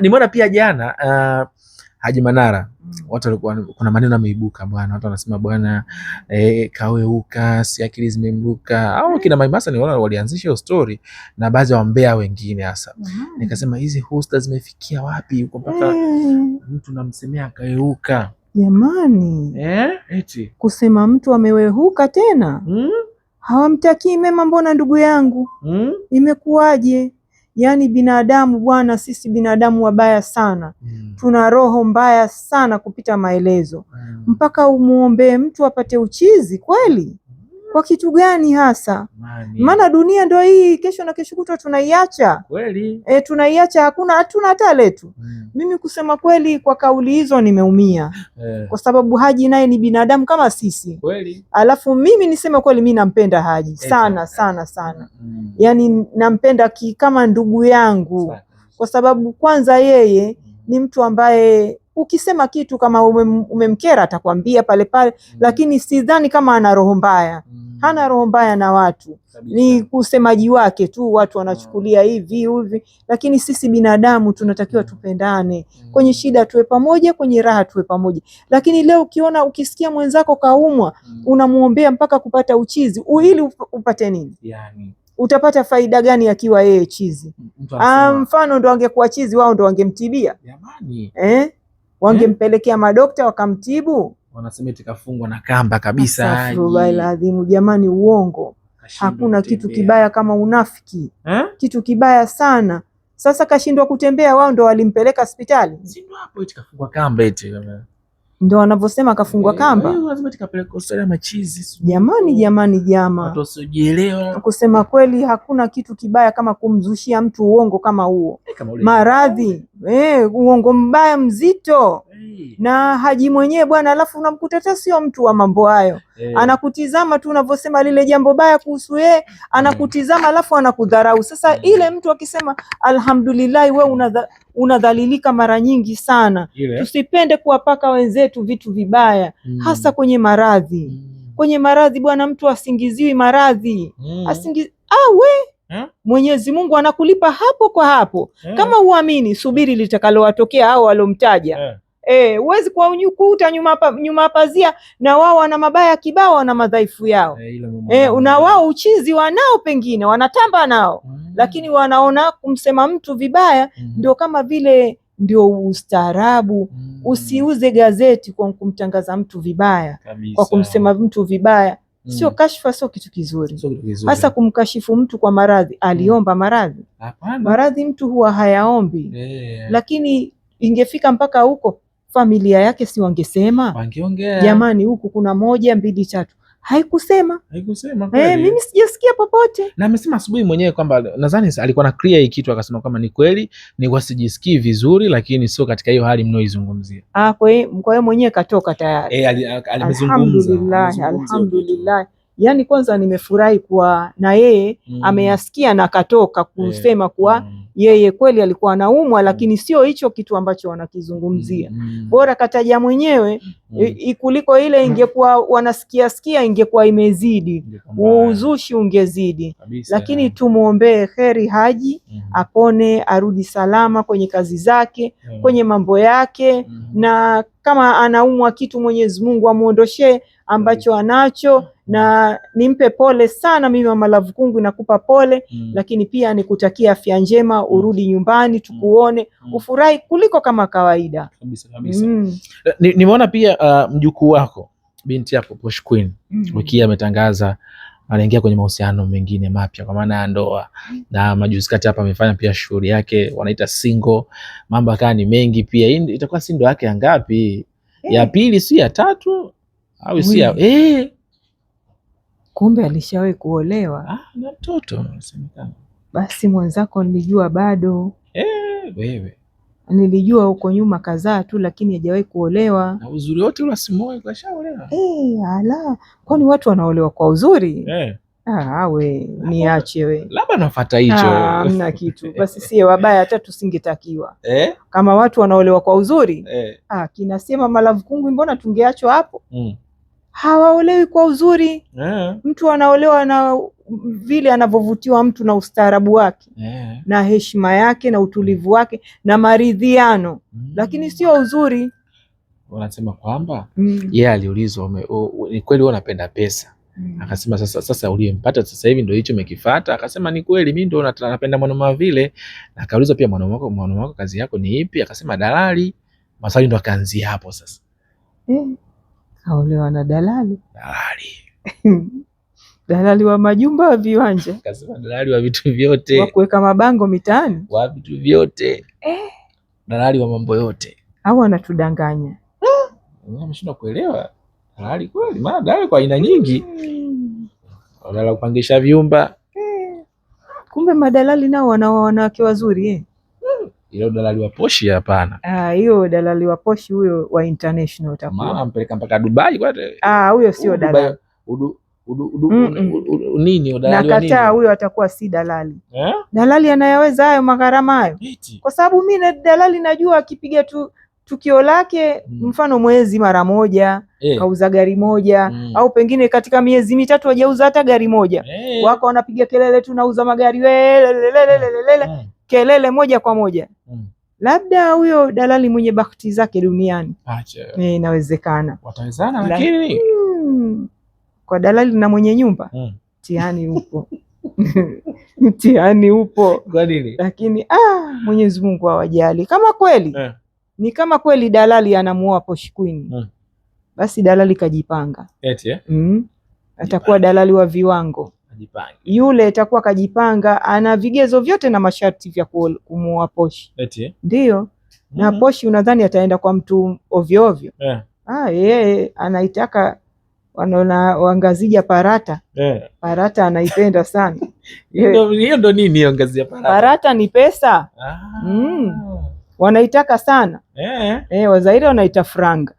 Nimeona pia jana uh, Haji Manara mm. watu walikuwa kuna maneno ameibuka bwana, watu wanasema bwana e, eh, kaweuka, si akili zimemruka, au kina Maimasa ni wale walianzisha story na baadhi ya wambea wengine hasa mm -hmm. Nikasema hizi hosta zimefikia wapi huko mpaka mm mtu namsemea kaweuka jamani, eh, eti kusema mtu ameweuka tena mm hawamtakii mema, mbona ndugu yangu mm imekuwaje? Yaani binadamu bwana, sisi binadamu wabaya sana mm. Tuna roho mbaya sana kupita maelezo mm. Mpaka umwombee mtu apate uchizi kweli? kwa kitu gani hasa? Maana dunia ndio hii, kesho na kesho kutwa tunaiacha kweli. E, tunaiacha hakuna, hatuna hata letu mm. Mimi kusema kweli, kwa kauli hizo nimeumia eh, kwa sababu Haji naye ni binadamu kama sisi kweli. Alafu mimi niseme kweli, mi nampenda Haji e. sana sana sana mm. Yani nampenda ki, kama ndugu yangu Saka. Kwa sababu kwanza yeye ni mtu ambaye ukisema kitu kama umemkera umemkera atakwambia pale pale mm. Lakini sidhani kama ana roho mbaya mm. Hana roho mbaya na watu Ni usemaji wake tu watu wanachukulia mm. hivi hivi, lakini sisi binadamu tunatakiwa mm. tupendane mm. Kwenye shida tuwe pamoja, kwenye raha tuwe pamoja. Lakini leo ukiona ukisikia mwenzako kaumwa mm. Unamuombea mpaka kupata uchizi ili upate nini yani? Utapata faida gani akiwa yeye chizi? Ah, mfano ndo angekuwa chizi, wao ndo wangemtibia jamani eh? wangempelekea madokta wakamtibu. Wanasema tikafungwa na kamba kabisa. Astaghfirullahalazim, jamani, uongo Kashindo. Hakuna kutembea. Kitu kibaya kama unafiki eh? Kitu kibaya sana. Sasa kashindwa kutembea, wao ndo walimpeleka hospitali, ndo wanavyosema kafungwa eh, kamba. Jamani, jamani, jama, kusema kweli, hakuna kitu kibaya kama kumzushia mtu uongo kama huo, eh, maradhi Eh, uongo mbaya mzito na Haji mwenyewe bwana, alafu unamkuta hata sio mtu wa mambo hayo e. anakutizama tu unavyosema lile jambo baya kuhusu yeye, anakutizama alafu anakudharau. Sasa e. ile mtu akisema alhamdulillah, we unadha, unadhalilika mara nyingi sana e. tusipende kuwapaka wenzetu vitu vibaya mm. hasa kwenye maradhi mm. kwenye maradhi bwana, mtu asingiziwi maradhi mm. ah, we yeah. Mwenyezi Mungu anakulipa hapo kwa hapo yeah. Kama uamini, subiri litakalowatokea hao walomtaja yeah. E, eh, huwezi unyukuta nyuma nyuma pazia, na wao wana mabaya kibao, wana madhaifu yao e, eh, una eh, wao uchizi wanao, pengine wanatamba nao mm. Lakini wanaona kumsema mtu vibaya mm. Ndio kama vile ndio ustaarabu mm. Usiuze gazeti kwa kumtangaza mtu vibaya kabisa, kwa kumsema mtu vibaya Sio mm. kashfa, sio kitu kizuri, hasa kumkashifu mtu kwa maradhi. Aliomba mm. maradhi? Maradhi mtu huwa hayaombi yeah. Lakini ingefika mpaka huko, familia yake si wangesema, jamani, huku kuna moja mbili tatu Haikusema, haikusema eh, mimi sijasikia popote, na amesema asubuhi mwenyewe kwamba nadhani alikuwa na clear hii kitu, akasema kwamba ni kweli ni sijisikii vizuri, lakini sio katika hiyo hali Ah, Kwa hiyo mwenyewe katoka tayari eh, al, alhamdulillah, alhamdulillah yani kwanza nimefurahi kuwa na yeye mm. ameyasikia na akatoka kusema yeah. kuwa mm. yeye kweli alikuwa anaumwa, lakini mm. sio hicho kitu ambacho wanakizungumzia mm. mm. bora kataja mwenyewe mm. kuliko ile ingekuwa wanasikia sikia, ingekuwa imezidi uuzushi ungezidi kabisa, lakini yeah. tumwombee heri Haji mm. apone, arudi salama kwenye kazi zake mm. kwenye mambo yake mm. na kama anaumwa kitu Mwenyezi Mungu amuondoshee ambacho anacho mm. na nimpe pole sana. Mimi mama Love Kungu nakupa pole mm. Lakini pia nikutakia afya njema, urudi nyumbani mm. tukuone mm. ufurahi kuliko kama kawaida kabisa, kabisa. Mm. Eh, nimeona ni pia uh, mjukuu wako binti yako Posh Queen mm. wiki ametangaza anaingia kwenye mahusiano mengine mapya kwa maana ya ndoa, mm. na majuzi kati hapa amefanya pia shughuli yake wanaita single, mambo akawa ni mengi pia. Hii itakuwa si ndoa yake ya ngapi? Ya eh. pili si ya tatu? au si eh? Kumbe alishawahi kuolewa ah, na mtoto nasemekana. Basi mwenzako nilijua bado eh, wewe nilijua huko nyuma kadhaa tu, lakini hajawahi kuolewa. Na uzuri wote ule simuoe kashaolewa. Eh, ala, kwani watu wanaolewa kwa uzuri eh? Ah, niache we, labda nafuata hicho ah, hamna kitu. Basi sie wabaya hata tusingetakiwa eh? kama watu wanaolewa kwa uzuri eh? Ah, kinasema malavu kungwi, mbona tungeachwa hapo mm hawaolewi kwa uzuri yeah. Mtu anaolewa na vile anavyovutiwa mtu na ustaarabu wake yeah. na heshima yake na utulivu wake na maridhiano mm. lakini sio uzuri. Wanasema kwamba mm. aliulizwa ni kweli unapenda pesa mm. akasema sasa, sasa uliyempata sasa hivi ndio hicho umekifata Akasema ni kweli, mimi ndio napenda mwanaume vile. Akauliza pia mwanaume wako, mwanaume wako kazi yako ni ipi? Akasema dalali. Maswali ndo akaanzia hapo sasa mm. Kaolewa na dalali dalali, dalali wa majumba wa viwanja, kasema dalali wa vitu vyote, wa kuweka mabango mitaani, wa vitu vyote eh. Dalali wa mambo yote, au anatudanganya? Ameshinda kuelewa dalali kweli, maana dalali kwa aina nyingi mm. kupangisha vyumba eh. Kumbe madalali nao wana wanawake wazuri eh ile udalali wa poshi hapana. Ah, hiyo udalali wa poshi huyo wa international utakuwa. Mama ampeleka mpaka Dubai kwate. Ah, huyo sio dalali. Mm, mm. Nini udalali wa nini? Nakataa huyo atakuwa si dalali. Eh? Dalali anayaweza hayo magharama hayo. Kwa sababu mimi na dalali najua akipiga tu tukio lake mm. Mfano mwezi mara moja eh, kauza gari moja mm. Au pengine katika miezi mitatu hajauza hata gari moja eh. Wako wanapiga kelele tu, nauza magari welelelelelele mm kelele moja kwa moja mm. Labda huyo dalali mwenye bahati zake duniani eh, inawezekana, watawezana lakini hmm. kwa dalali na mwenye nyumba mm. mtihani upo mtihani upo kwa nini? Lakini ah, Mwenyezi Mungu awajali kama kweli eh. Ni kama kweli dalali anamuoa Posh Queen mm. Basi dalali kajipanga eti eh? mm. Atakuwa dalali wa viwango kajipanga. Yule itakuwa kajipanga, ana vigezo vyote na masharti vya kumuoa Poshi. Eti ndio mm -hmm. na mm-hmm. Poshi unadhani ataenda kwa mtu ovyo ovyo? yeah. Ah, yeye anaitaka wanaona wangazija parata yeah. Parata anaipenda sana hiyo ndo nini hiyo ngazija parata? Parata ni pesa ah. mm. wanaitaka sana yeah. Eh, Wazairi wanaita franga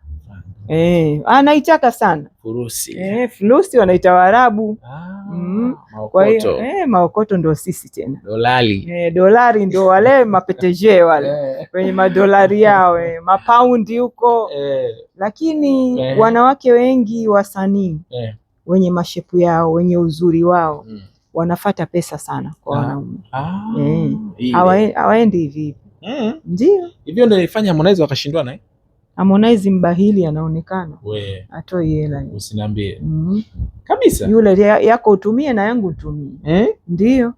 ah. Eh, anaitaka sana furusi eh, furusi wanaita Waarabu ah. Mm. Kwa hiyo eh, maokoto ndo sisi tena dolari, eh, dolari ndo wale mapeteje wale eh. wenye madolari yao eh, mapaundi huko eh. Lakini eh, wanawake wengi wasanii eh, wenye mashepu yao wenye uzuri wao mm, wanafata pesa sana kwa ah. wanaume ah, eh, hawaendi hivi hivi, mm. ndio hivyo ndo ilifanya Harmonize wakashindwana naye Harmonize mbahili anaonekana, atoi hela. Usiniambie. mm -hmm. Kabisa. Yule yako utumie na yangu utumie eh? Ndio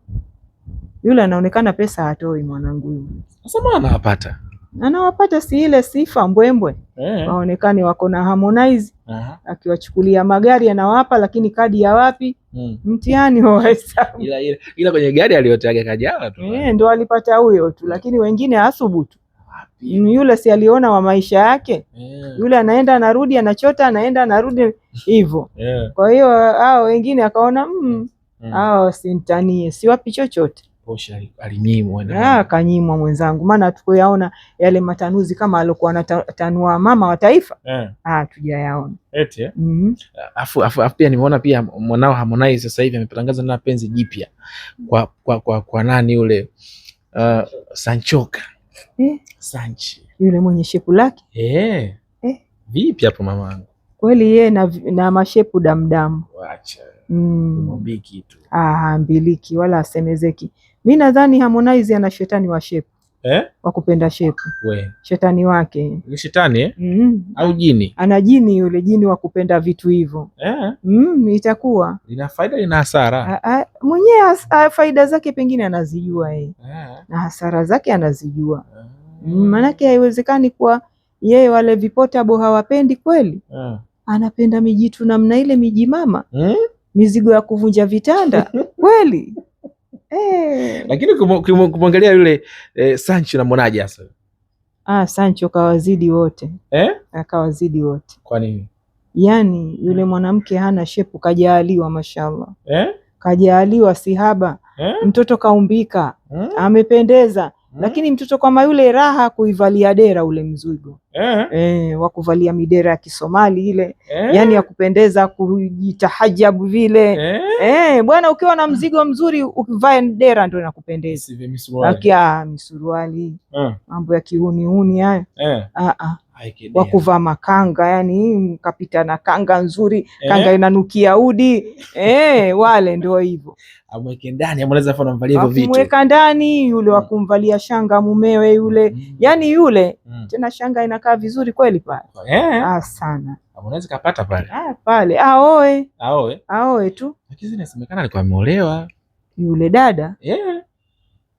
yule anaonekana pesa atoi mwanangu yule. Sasa anawapata anawapata, si ile sifa mbwembwe eh. Waonekane wako na Harmonize akiwachukulia magari anawapa, lakini kadi ya wapi? hmm. Mtihani wa hesabu ila, ila, ila kwenye gari aliyotaga kajawa tu eh, ndo alipata huyo tu, mm. lakini wengine asubutu yule si aliona wa maisha yake yeah. Yule anaenda anarudi, anachota anaenda anarudi hivyo yeah. Kwa hiyo hao wengine akaona mm, mm. Hao sintanie siwapi chochote ah, akanyimwa mwenzangu, maana tukuyaona yale matanuzi kama aliokuwa anatanua mama wa taifa yeah. Eh. Tujayaona eti mm -hmm. Afu, afu, afu pia nimeona pia mwanao Harmonize sasa hivi ametangaza na penzi jipya kwa, kwa, kwa, kwa nani yule uh, Sanchoka eh? Sanchi yule mwenye shepu lake eh. Eh? Vipi hapo mamangu, kweli yeye na, na mashepu damdamu. Acha mbiliki mm. tu. Ah, mbiliki wala asemezeki. Mi nadhani Harmonize ana shetani wa shepu Eh? Wa kupenda shepu we. Shetani wake ni shetani eh? Mm. Au jini? Ana jini yule jini wa kupenda vitu hivyo eh? Mm, itakuwa ina faida ina hasara mwenyewe. Faida zake pengine anazijua yeye eh. eh. Na hasara zake anazijua eh. Mm, maanake haiwezekani kuwa yeye wale vipotabo hawapendi kweli eh. Anapenda mijitu namna ile miji mama eh? Mizigo ya kuvunja vitanda kweli Eh. Lakini kumwangalia yule eh, Sancho namwonaje hasa? Ah, Sancho kawazidi wote eh? Akawazidi ah, wote. Kwa nini? Yaani yule eh. mwanamke hana shepu, kajaaliwa mashallah eh? Kajaaliwa sihaba eh? Mtoto kaumbika eh? Amependeza Mm-hmm. Lakini mtoto kama yule raha kuivalia dera ule mzigo eh. Eh, wa kuvalia midera ya Kisomali ile eh. Yani ya kupendeza kujitahajabu vile eh. Eh, bwana ukiwa na mzigo mzuri ukivae dera ndio inakupendeza, misuruali ah, eh. mambo ya kiuniuni hayo eh. Ah, ah wa kuvaa makanga, yani mkapita na kanga nzuri eh, kanga inanukia udi eh, wale ndio hivyo amweke ndani, amweleza hivyo vitu, amweka ndani yule wa mm. kumvalia shanga mumewe yule mm. yani yule mm. tena shanga inakaa vizuri kweli pale eh. ah, sana unaweza kapata pale ah, pale aoe aoe aoe tu, lakini inasemekana alikuwa ameolewa yule dada yeah.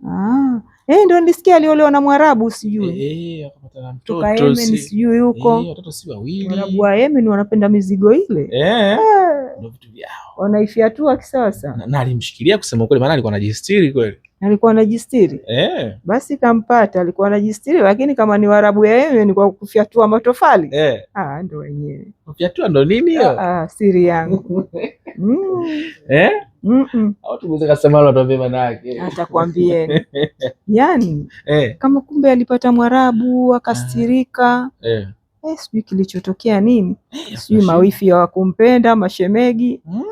ah Eh, ndio nilisikia aliolewa na Mwarabu sijui. Eh, eh akapata mtoto. Tukaeme sijui huko. Eh, watoto si wawili. Mwarabu wa Yemen wanapenda mizigo ile. Eh. eh. Ndio vitu vyao. Wanaifiatua kisasa. Na, na alimshikilia kusema kweli maana alikuwa anajistiri kweli. Alikuwa anajistiri. Eh. Basi kampata alikuwa anajistiri lakini kama ni Warabu ya Yemen kwa kufiatua matofali. Eh. Ah, ndio wenyewe. Kufiatua ndio nini hiyo? Ah, ah siri yangu. mm. Eh? Atakwambieni yani eh, kama kumbe alipata Mwarabu akastirika ah. eh. Eh, sijui kilichotokea nini eh, sijui mawifi wakumpenda mashemegi hmm?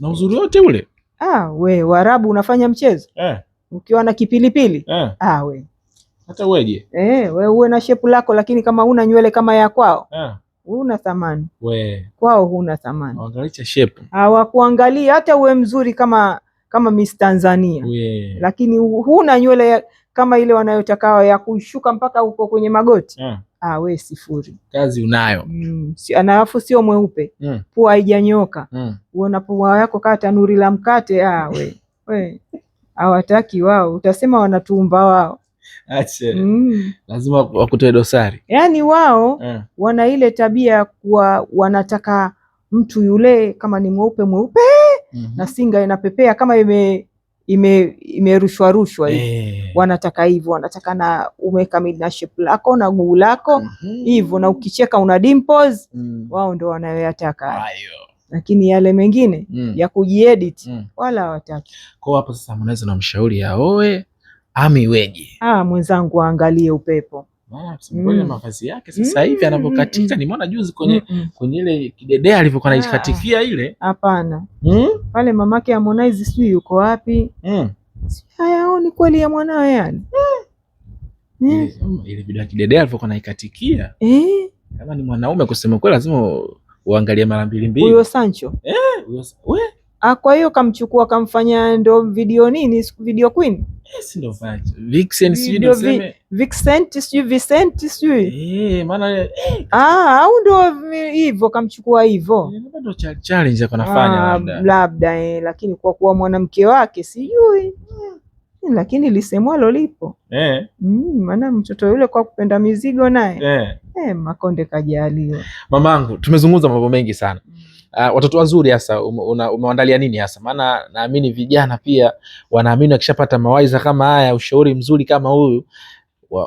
na uzuri wote ule ah, we Warabu unafanya mchezo eh, ukiwa na kipilipili eh. Ah, we hata weje eh, we uwe na shepu lako, lakini kama una nywele kama ya kwao eh huna thamani we, kwao huna thamani, waangalisha shape, hawakuangalia hata uwe mzuri kama kama Miss Tanzania we, lakini huna nywele ya, kama ile wanayotakawa ya kushuka mpaka huko kwenye magoti yeah. Ah, we sifuri, kazi unayo mm, si, alafu sio mweupe mm. Pua haijanyoka mm. Uona pua yako kaa tanuri la mkate. Ah, we we hawataki wao, utasema wanatuumba wao Ache. Mm. Lazima wakutoe dosari. Yaani wao yeah, wana ile tabia ya kuwa wanataka mtu yule kama ni mweupe mweupe, mm -hmm. na singa inapepea kama ime imerushwa rushwa hivi eh. Wanataka hivyo, wanataka na umekamili na shape lako na guu lako mhm. hivyo mm -hmm. na ukicheka una dimples mm. Wao ndo wanayoyataka hayo, lakini yale mengine mm. ya kujiedit mm. wala hawataki. Kwa hapo sasa, mnaweza namshauri aoe ama iweje? Ah, mwenzangu aangalie upepo Simbolia mm. mavazi yake sasa hivi mm. anavyokatika, nimeona juzi kwenye kwenye ile kidedea alivyokuwa anaikatikia ah. ile. Hapana hmm? pale mamake Harmonize sijui yuko wapi, hmm. hayaoni kweli ya mwanawe yani hmm. eh. ile video ya kidedea alivyokuwa anaikatikia. Eh. Kama ni mwanaume kusema kweli, lazima uangalie mara mbili mbili huyo Sancho. Eh, we Ah, kwa hiyo kamchukua kamfanya ndo video nini, video queen yes, eh, ndo Vixen ndo sema Vixen eh, maana eh, ah, au ndo hivyo kamchukua hivyo eh, challenge ah, labda labda eh, lakini kwa kuwa mwanamke wake sijui eh, lakini lisemwa lolipo eh, mm, maana mtoto yule kwa kupenda mizigo naye eh, eh, makonde kajaliwa. Mamangu, tumezungumza mambo mengi sana mm uh, watoto wazuri hasa umewandalia nini hasa? Maana naamini vijana pia wanaamini wakishapata mawaidha kama haya, ushauri mzuri kama huyu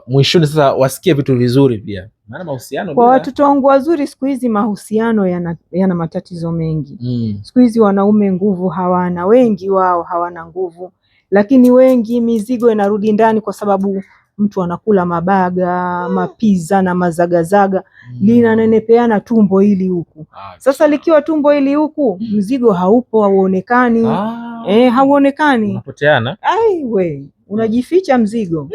mwishoni sasa wasikie vitu vizuri pia, maana mahusiano kwa watoto wangu wazuri, siku hizi mahusiano yana, yana matatizo mengi mm. Siku hizi wanaume nguvu hawana, wengi wao hawana nguvu, lakini wengi mizigo inarudi ndani kwa sababu mtu anakula mabaga, mm. mapiza na mazagazaga mm. linanenepeana tumbo hili huku ah, sasa likiwa tumbo hili huku mm. mzigo haupo, hauonekani ah, eh, hauonekani, unapoteana aiwe, unajificha mzigo, mm.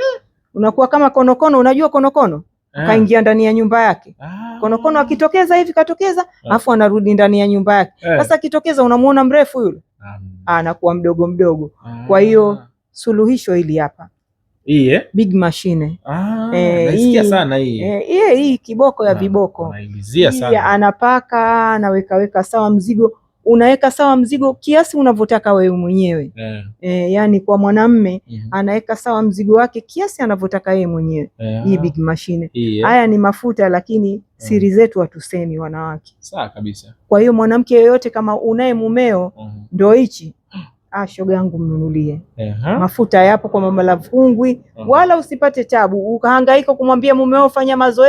unakuwa kama konokono. Unajua konokono yeah. kaingia ndani ya nyumba yake ah. konokono akitokeza hivi katokeza, alafu ah. anarudi ndani ya nyumba yake eh. sasa akitokeza unamuona mrefu yule, ah. Ah, anakuwa mdogo mdogo ah. kwa hiyo suluhisho hili hapa hii eh? Big machine. Ah, eh, nasikia hii, sana hii. Eh, hii kiboko ya viboko. sana. Anapaka, anawekaweka sawa mzigo, unaweka sawa mzigo kiasi unavyotaka wewe mwenyewe. eh. Eh, yani kwa mwanamme mm -hmm. anaweka sawa mzigo wake kiasi anavyotaka yeye mwenyewe. eh, Hii big machine. Eh? Haya ni mafuta lakini siri mm. zetu hatusemi wanawake. Sawa kabisa. Kwa hiyo mwanamke yoyote kama unaye mumeo mm -hmm. ndio hichi ah, shoga yangu mnunulie. uh-huh. Mafuta yapo kwa mama uh-huh. wala usipate tabu ukahangaika kumwambia mumeo fanya mazoezi.